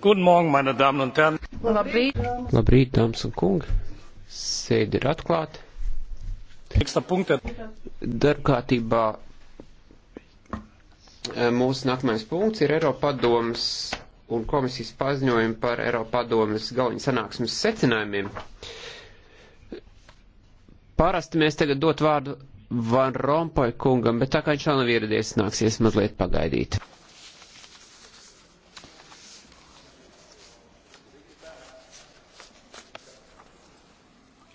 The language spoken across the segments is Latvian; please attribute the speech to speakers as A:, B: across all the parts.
A: Guten Morgen, meine Damen un Herren. Labrīt. Labrīt, dāmas un kungi. Sēdi ir atklāti. Darbkārtībā eh, mūsu nākamais punkts ir Eiropadomas un komisijas paziņojumi par Eiropadomas galviņu sanāksmes secinājumiem. Parasti mēs tagad dot vārdu Van Rompuy kungam, bet tā kā viņš vēl nav ieradies, nāksies mazliet pagaidīt.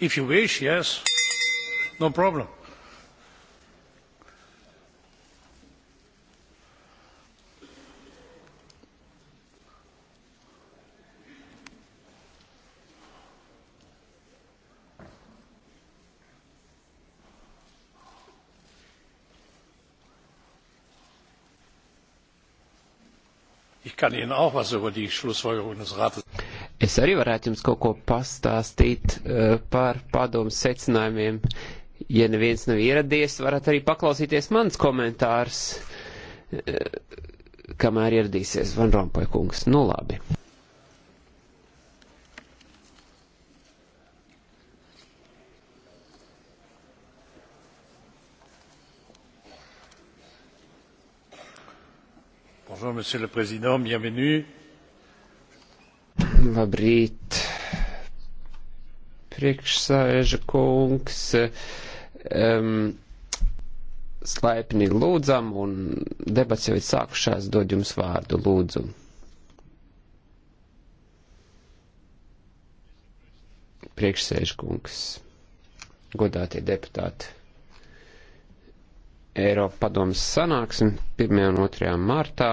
A: If you wish, yes. No problem. ich kann ihnen auch etwas über die schlussfolgerungen des rates. Es arī varētu jums kaut ko pastāstīt uh, par padomu secinājumiem. Ja neviens nav ieradies, varat arī paklausīties mans komentārs, uh, kamēr ieradīsies Van Rompuy kungs. Nu labi. Bonjour, Monsieur le Président, bienvenue. Labrīt, priekšsēža kungs. Um, Slaipni lūdzam, un debats jau ir sākušās, dod jums vārdu lūdzu. Priekšsēžkungs, godātie deputāti, Eiropa padomas sanāksim 1. un 2. martā